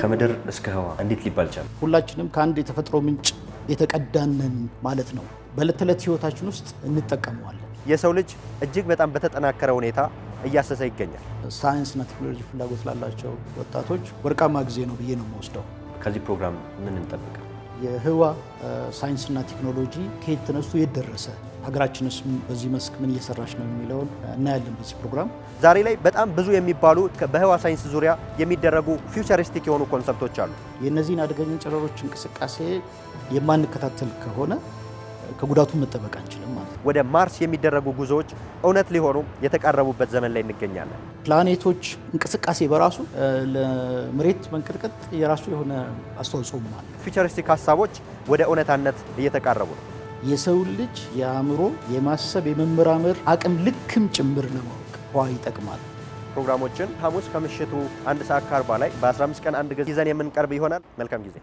ከምድር እስከ ህዋ እንዴት ሊባል ቻለ? ሁላችንም ከአንድ የተፈጥሮ ምንጭ የተቀዳንን ማለት ነው። በዕለት ተዕለት ህይወታችን ውስጥ እንጠቀመዋለን። የሰው ልጅ እጅግ በጣም በተጠናከረ ሁኔታ እያሰሰ ይገኛል። ሳይንስና ቴክኖሎጂ ፍላጎት ላላቸው ወጣቶች ወርቃማ ጊዜ ነው ብዬ ነው የምወስደው። ከዚህ ፕሮግራም ምን እንጠብቅ? የህዋ ሳይንስና ቴክኖሎጂ ከየት ተነስቶ የት ደረሰ፣ ሀገራችንስ በዚህ መስክ ምን እየሰራች ነው የሚለውን እናያለን በዚህ ፕሮግራም። ዛሬ ላይ በጣም ብዙ የሚባሉ በህዋ ሳይንስ ዙሪያ የሚደረጉ ፊውቸሪስቲክ የሆኑ ኮንሰፕቶች አሉ። የእነዚህን አደገኛ ጨረሮች እንቅስቃሴ የማንከታተል ከሆነ ከጉዳቱ መጠበቅ አንችልም። ወደ ማርስ የሚደረጉ ጉዞዎች እውነት ሊሆኑ የተቃረቡበት ዘመን ላይ እንገኛለን። ፕላኔቶች እንቅስቃሴ በራሱ ለመሬት መንቀጥቀጥ የራሱ የሆነ አስተዋጽኦ አለ። ፊውቸሪስቲክ ሀሳቦች ወደ እውነታነት እየተቃረቡ ነው። የሰው ልጅ የአእምሮ የማሰብ የመመራመር አቅም ልክም ጭምር ለማወቅ ዋ ይጠቅማል። ፕሮግራሞችን ሐሙስ ከምሽቱ አንድ ሰዓት ከአርባ ላይ በ15 ቀን አንድ ጊዜ ይዘን የምንቀርብ ይሆናል። መልካም ጊዜ